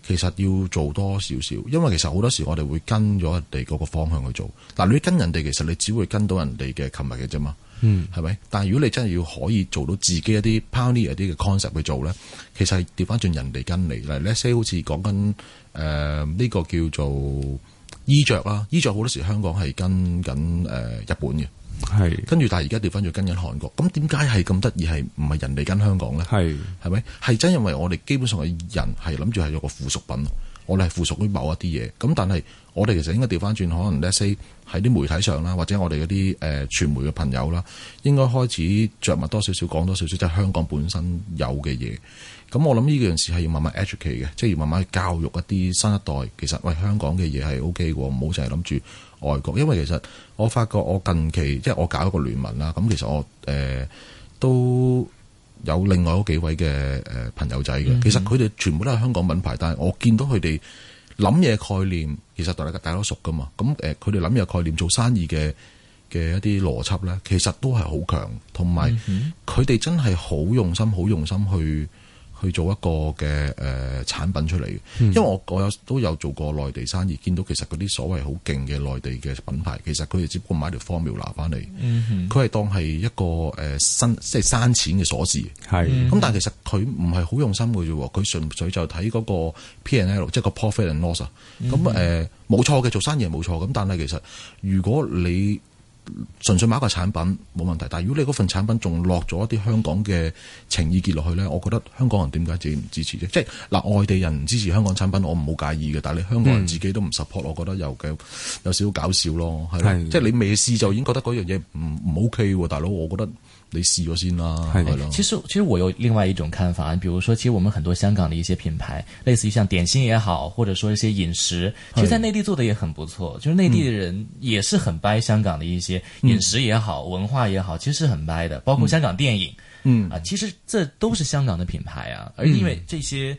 其實要做多少少。因為其實好多時我哋會跟咗人哋嗰個方向去做嗱。但你跟人哋，其實你只會跟到人哋嘅琴日嘅啫嘛。嗯，係咪？但係如果你真係要可以做到自己一啲 pioneer 啲嘅 concept 去做咧，其實調翻轉人哋跟你，嗱，let's say 好似講緊誒呢個叫做衣着啦，衣着好多時香港係跟緊誒、呃、日本嘅，係是，跟住但係而家調翻轉跟緊韓國，咁點解係咁得意？係唔係人哋跟香港咧？係是，係咪？係真因為我哋基本上嘅人係諗住係有個附屬品。我哋係附屬於某一啲嘢，咁但係我哋其實應該調翻轉，可能 let's say 喺啲媒體上啦，或者我哋嗰啲誒傳媒嘅朋友啦，應該開始着墨多少少，講多少少，即係香港本身有嘅嘢。咁、嗯、我諗呢件事係要慢慢 educate 嘅，即係要慢慢去教育一啲新一代。其實喂，香港嘅嘢係 OK 嘅，唔好淨係諗住外國。因為其實我發覺我近期即係我搞一個聯盟啦，咁、嗯、其實我誒、呃、都。有另外嗰幾位嘅誒朋友仔嘅，嗯、哼其實佢哋全部都係香港品牌，但係我見到佢哋諗嘢概念，其實大家都熟噶嘛。咁誒，佢哋諗嘢概念、做生意嘅嘅一啲邏輯咧，其實都係好強，同埋佢哋真係好用心、好用心去去做一個嘅誒、呃、產品出嚟，因為我我有都有做過內地生意，見到其實嗰啲所謂好勁嘅內地嘅品牌，其實佢哋只不過買條 Formula 翻嚟，佢係、嗯、哼當係一個誒、呃、生即係生錢嘅鎖匙。係咁的，嗯、但係其實佢唔係好用心嘅啫，佢純粹就睇嗰個 P&L，即係個 profit and loss 啊、嗯哼。咁誒冇錯嘅做生意係冇錯，咁但係其實如果你。純粹買一個產品冇問題，但係如果你嗰份產品仲落咗一啲香港嘅情意結落去咧，我覺得香港人點解自己唔支持啫？即係嗱，外地人唔支持香港產品我唔好介意嘅，但係你香港人自己都唔 support，嗯，我覺得又嘅有少少搞笑咯，係是的 即係你未試就已經覺得嗰樣嘢唔唔 ok 喎，大佬，我覺得。你試過先啦，啊、的其實其實我有另外一種看法，比如說，其實我們很多香港的一些品牌，類似於像點心也好，或者說一些飲食，其實在內地做的也很不錯，是的就是內地的人也是很掰香港的一些飲、嗯、食也好、文化也好，其實是很掰的，包括香港電影，嗯啊，其實這都是香港的品牌啊，而因為這些。嗯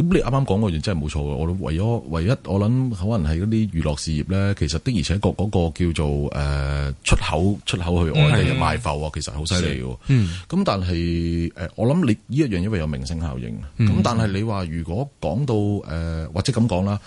咁你啱啱講嗰樣真係冇錯嘅，我諗唯咗唯一，我諗可能係嗰啲娛樂事業咧，其實的而且確嗰個叫做誒出口出口去外地賣埠啊，其實係好犀利嘅。嗯，咁但係誒，我諗你呢一樣因為有明星效應啊。咁但係你話如果講到誒，或者咁講啦，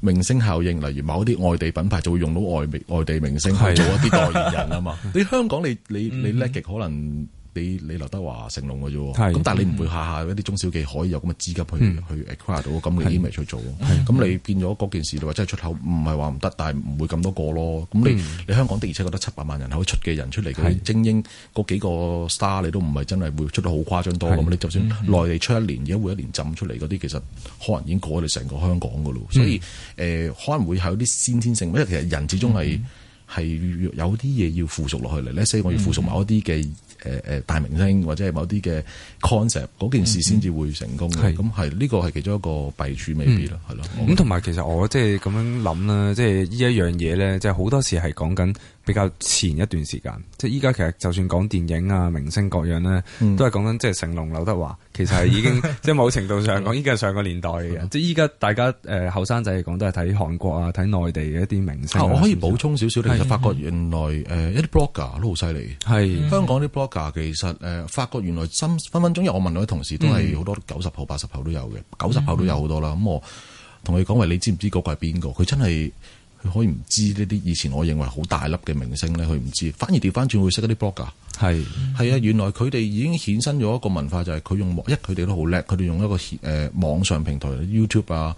明星效應，例如某啲外地品牌就會用到外外地明星去做一啲代言人啊嘛。你香港你你你叻極可能。你你劉德華、成龍嘅啫，咁但係你唔會下下嗰啲中小企可以有咁嘅資格去去 acquire 到，咁你已經未去做。咁你變咗嗰件事，你話真係出口唔係話唔得，但係唔會咁多個咯。咁你你香港的而且確得七百萬人口出嘅人出嚟，嗰啲精英嗰幾個 star 你都唔係真係會出得好誇張多咁。你就算內地出一年，而家會一年浸出嚟嗰啲，其實可能已經過咗你成個香港嘅咯。所以誒，可能會係有啲先天性，因為其實人始終係係有啲嘢要附屬落去嚟咧，所以我要附屬某一啲嘅。誒誒、呃、大明星或者係某啲嘅 concept 嗰件事先至會成功嘅，咁係呢個係其中一個弊處，未必咯，係咯、嗯。咁同埋其實我即係咁樣諗啦，即、就、係、是、呢一樣嘢咧，即係好多時係講緊。比較前一段時間，即係依家其實就算講電影啊、明星各樣咧，都係講緊即係成龍、劉德華，其實係已經即係某程度上講，依家係上個年代嘅。即係依家大家誒後生仔嚟講，都係睇韓國啊、睇內地嘅一啲明星。我可以補充少少，其實發覺原來誒一啲 blogger 都好犀利。係香港啲 blogger 其實誒發覺原來分分鐘，因為我問到啲同事都係好多九十後、八十後都有嘅，九十後都有好多啦。咁我同佢講：喂，你知唔知嗰個係邊個？佢真係。佢可以唔知呢啲以前我認為好大粒嘅明星咧，佢唔知，反而調翻轉會識得啲 blogger。係係啊，原來佢哋已經衍生咗一個文化，就係、係、佢用一，佢哋都好叻，佢哋用一個誒、呃、網上平台 YouTube 啊，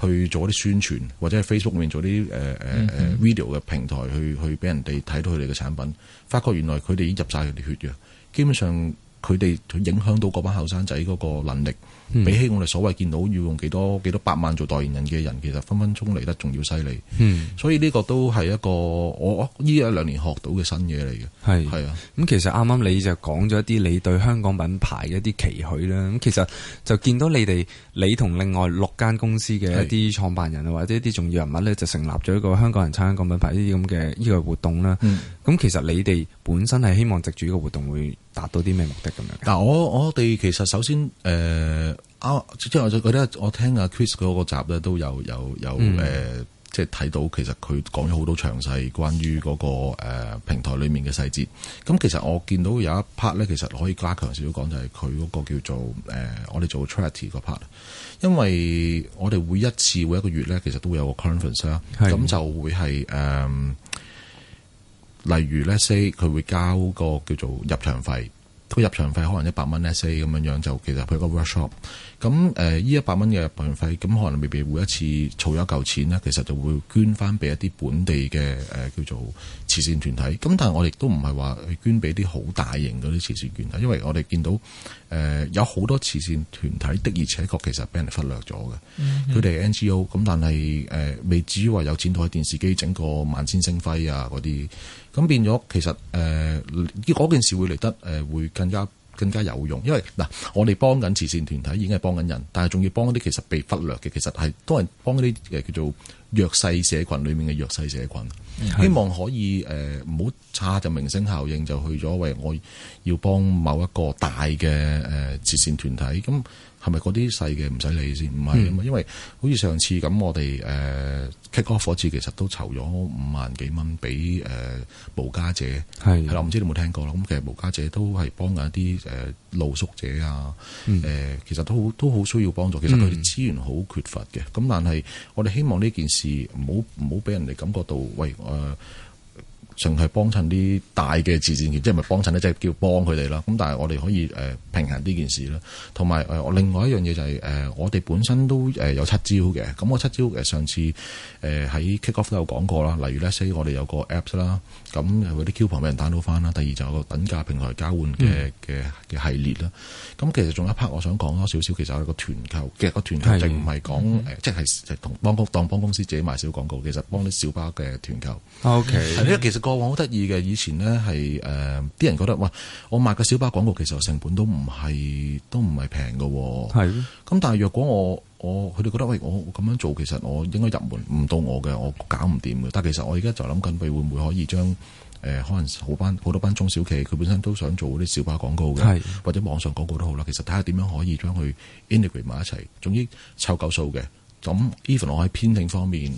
去做一啲宣傳，或者喺 Facebook 面做啲誒誒誒 video 嘅平台去去俾人哋睇到佢哋嘅產品，發覺原來佢哋已經入晒佢哋血嘅，基本上。佢哋影響到嗰班後生仔嗰個能力，嗯、比起我哋所謂見到要用幾多幾多百萬做代言人嘅人，其實分分鐘嚟得仲要犀利。嗯、所以呢個都係一個我呢一兩年學到嘅新嘢嚟嘅。係係是啊，咁其實啱啱你就講咗一啲你對香港品牌嘅一啲期許啦。咁其實就見到你哋，你同另外六間公司嘅一啲創辦人啊，是或者一啲重要人物咧，就成立咗一個香港人撐香港品牌呢啲咁嘅依個活動啦。咁、嗯、其實你哋本身係希望藉住依個活動會達到啲咩目的？樣但我我哋其實首先誒、呃啊，即係我我覺得我聽阿 Chris 嗰個集咧，都有有有誒、呃，即係睇到其實佢講咗好多詳細關於嗰、那個誒、呃、平台裏面嘅細節。咁、嗯嗯、其實我見到有一 part 咧，其實可以加強少少講就係佢嗰個叫做誒、呃，我哋做 strategy 個 part，因為我哋每一次每一個月咧，其實都會有個 conference 啦的，咁就會係誒、呃，例如咧，say 佢會交個叫做入場費。個入場費可能 SA 一百蚊 S A，咁樣樣就其實佢個 workshop，咁誒呢一、呃、百蚊嘅入場費，咁可能未必會一次儲咗一嚿錢咧，其實就會捐翻俾一啲本地嘅誒、呃、叫做慈善團體。咁但係我哋都唔係話去捐俾啲好大型嗰啲慈善團體，因為我哋見到。誒、呃、有好多慈善團體的而且確其實俾人忽略咗嘅。佢哋係 NGO 咁，hmm. GO，但係誒、呃、未至於話有錢台電視機整個萬千星輝啊嗰啲，咁變咗其實誒嗰、呃、件事會嚟得誒、呃、會更加。更加有用，因為嗱，我哋幫緊慈善團體，已經係幫緊人，但係仲要幫一啲其實被忽略嘅，其實係都係幫一啲誒叫做弱勢社群裡面嘅弱勢社群，嗯、希望可以誒唔好差就明星效應就去咗，喂，我要幫某一個大嘅誒慈善團體咁。嗯係咪嗰啲細嘅唔使理先？唔係啊嘛，嗯、因為好似上次咁，我哋誒 kick off 一次，其實都籌咗五萬幾蚊俾誒無家者係係啦。唔是的 知你有冇聽過啦？咁其實無家者都係幫緊一啲誒露宿者啊誒、嗯呃，其實都好都好需要幫助。其實佢哋資源好缺乏嘅。咁、嗯、但係我哋希望呢件事唔好唔好俾人哋感覺到，喂誒。呃純係幫襯啲大嘅慈善業，即係咪幫襯咧？即係叫幫佢哋啦。咁但係我哋可以誒平衡呢件事啦。同埋誒，我另外一樣嘢就係、是、誒，我哋本身都誒有七招嘅。咁我七招誒上次誒喺 Kickoff 都有講過啦。例如咧，say 我哋有個 apps 啦，咁佢啲 coupon 俾人 download 返啦。第二就有個等價平台交換嘅嘅嘅系列啦。咁其實仲有一 part 我想講多少少，其實係個團購，其實個團購並唔係講即係同幫公當幫公司自己賣小廣告，其實幫啲小巴嘅團購。O Okay . K，因為其實。過往好得意嘅，以前呢，係誒啲人覺得，哇！我賣個小巴廣告其實成本都唔係都唔係平嘅喎。咁是的 但係若果我我佢哋覺得，喂！我咁樣做其實我應該入門唔到我嘅，我搞唔掂嘅。但係其實我而家就諗緊，會會唔會可以將誒、呃、可能好班好多班中小企，佢本身都想做啲小巴廣告嘅，是的 或者網上廣告都好啦。其實睇下點樣可以將佢 integrate 埋一齊，總之湊夠數嘅。咁 even 我喺編程方面。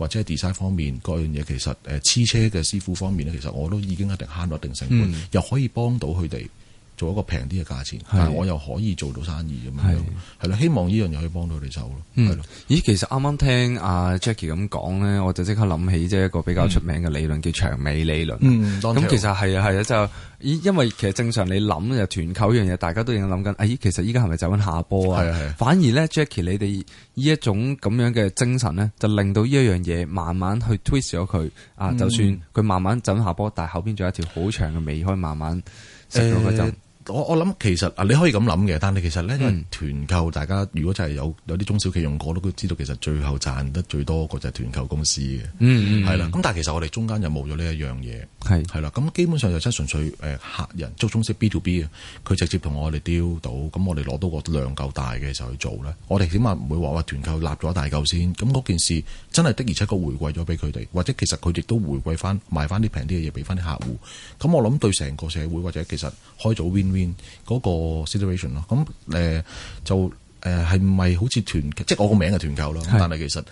或者係 design 方面各樣嘢，其實誒黐、呃、車嘅師傅方面咧，其實我都已經一定慳咗一定成本，嗯、又可以幫到佢哋做一個平啲嘅價錢，的但係我又可以做到生意咁樣，係咯，希望呢樣嘢可以幫到你手咯，係咯、嗯。咦的，其實啱啱聽阿 Jackie 咁講咧，我就即刻諗起即係一個比較出名嘅理論、嗯、叫長尾理論，咁、嗯、其實係啊係啊就。的因因為其實正常你諗就團購一樣嘢，大家都已經諗緊。阿、哎、姨其實依家係咪走緊下坡啊？是的 反而咧，Jackie 你哋呢一種咁樣嘅精神咧，就令到呢一樣嘢慢慢去 twist 咗佢。嗯、啊，就算佢慢慢走緊下坡，但係後邊仲有一條好長嘅尾，可以慢慢食到嗰我我諗其實啊，你可以咁諗嘅，但係其實咧，團購、嗯、大家如果真係有有啲中小企業用過，都知道其實最後賺得最多個就係團購公司嘅，係啦、嗯嗯。咁但係其實我哋中間就冇咗呢一樣嘢，係係啦。咁基本上就真純粹誒、呃，客人做中式 B to B 啊，佢直接同我哋 deal 到，咁我哋攞到個量夠大嘅時候，去做咧。我哋起碼唔會話話團購立咗大嚿先，咁嗰件事真係的而且確回饋咗俾佢哋，或者其實佢哋都回饋翻賣翻啲平啲嘅嘢俾翻啲客戶。咁我諗對成個社會或者其實開咗 win 嗰個 situation 咯，咁、呃、誒就誒係唔係好似團即係我個名係團購咯，的但係其實誒、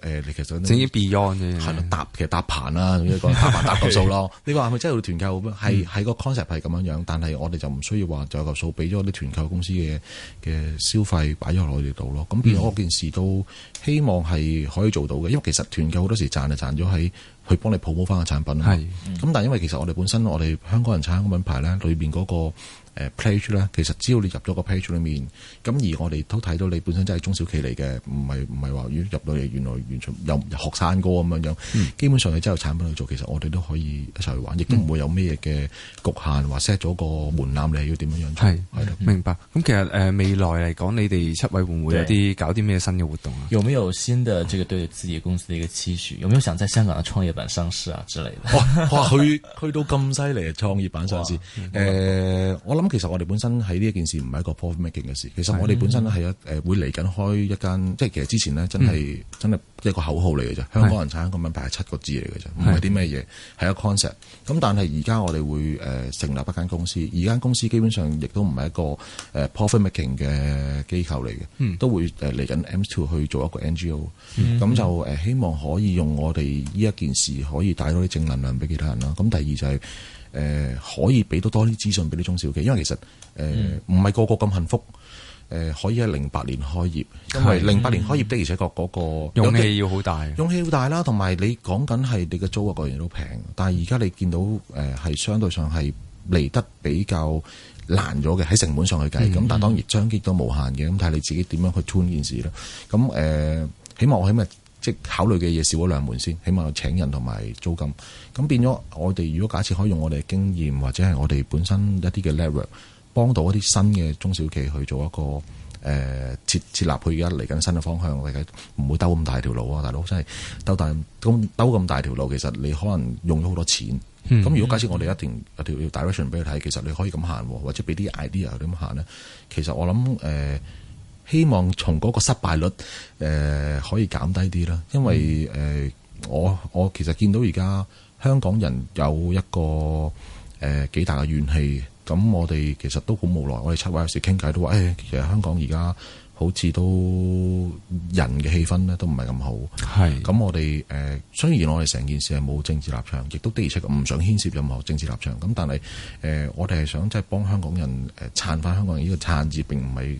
呃、你其實正要 beyond 係搭其實搭棚啦，咁樣搭棚搭個數咯。 的你話係咪真係團購係喺個 concept 係咁樣樣？但係我哋就唔需要話就有個數俾咗啲團購公司嘅嘅消費擺咗落我哋度咯。咁變咗我件事都希望係可以做到嘅，因為其實團購好多時賺就賺咗喺去幫你 promo 翻嘅產品啦。咁的，嗯、但係因為其實我哋本身我哋香港人產香港品牌咧，裏邊嗰個誒 page 咧，其實只要你入咗個 page 裏面，咁而我哋都睇到你本身真係中小企嚟嘅，唔係唔係話入嚟原來完全有學生哥咁樣樣，基本上你真係有產品去做，其實我哋都可以一齊去玩，亦都唔會有咩嘅局限，話 set 咗個門檻你係要點樣樣做。係是，的明白。咁其實誒、呃、未來嚟講，你哋七位會唔會有啲對搞啲咩新嘅活動啊？有冇新嘅？這個對自己公司嘅一個期許？有冇想喺香港嘅創業板上市啊之類去，去到咁犀利嘅創業板上市誒，我諗。其實我哋本身喺呢一件事唔係一個 profit making 嘅事。其實我哋本身係一誒、呃、會嚟緊開一間，即係其實之前呢真係、嗯、真係一個口號嚟嘅啫。香港人產個品牌係七個字嚟嘅啫，唔係啲咩嘢，係一個 concept。咁但係而家我哋會誒成立一間公司，而間公司基本上亦都唔係一個誒 profit making 嘅機構嚟嘅，嗯、都會誒嚟緊 M two 去做一個 NGO、嗯。咁、嗯、就誒、呃、希望可以用我哋呢一件事可以帶到啲正能量俾其他人啦。咁第二就係、是。誒、呃，可以俾到多啲資訊俾啲中小企，因為其實誒唔係個個咁幸福。誒、呃、可以喺零八年開業，因為零八年開業的而且確嗰個勇氣要好大，勇氣要好大啦。同埋你講緊係你嘅租嘅價錢都平，但係而家你見到誒係、呃、相對上係嚟得比較難咗嘅，喺成本上去計。咁但係當然張機都無限嘅，咁睇下你自己點樣去 turn 件事啦。咁、呃、誒，起碼我起咪？即係考慮嘅嘢少咗兩門先，起碼有請人同埋租金。咁變咗，我哋如果假設可以用我哋嘅經驗或者係我哋本身一啲嘅 level，幫到一啲新嘅中小企去做一個誒設、呃、設立，佢而家嚟緊新嘅方向，我哋唔會兜咁大條路啊！大佬真係兜大咁兜咁大條路，其實你可能用咗好多錢。咁、嗯、如果假設我哋一定要 direction 俾佢睇，其實你可以咁行，或者俾啲 idea 點行咧？其實我諗誒。呃希望從嗰個失敗率，誒、呃、可以減低啲啦。因為誒、呃、我我其實見到而家香港人有一個誒幾、呃、大嘅怨氣，咁我哋其實都好無奈。我哋七位有時傾偈都話，誒、哎、其實香港而家好似都人嘅氣氛咧都唔係咁好。係咁是，我哋誒、呃、雖然我哋成件事係冇政治立場，亦都的而且確唔想牽涉任何政治立場。咁但係誒、呃、我哋係想真係幫香港人誒、呃、撐返香港人。呢個撐字並唔係。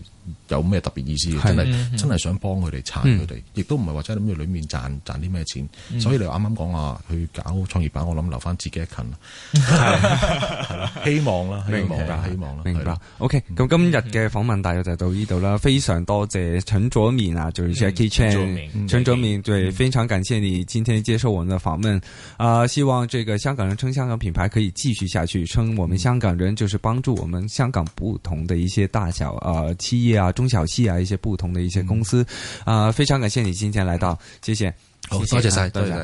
有咩特別意思？真係真係想幫佢哋撐佢哋，亦都唔係話真係諗住裡面賺賺啲咩錢。所以你啱啱講話去搞創業板，我諗留翻自己一勤啦，希望啦，希望㗎，希望啦，明白。OK，咁今日嘅訪問大約就到呢度啦。非常多謝陳卓銘啊，Jackie 陳卓銘，陳卓銘，對，非常感謝你今天接受我們嘅訪問。啊，希望這個香港人撐香港品牌可以繼續下去，撐我們香港人，就是幫助我們香港不同的一些大小啊企業。啊，中小企啊，一些不同的一些公司，啊，非常感謝你今天來到，嗯、謝謝，哦、多謝晒，多謝。謝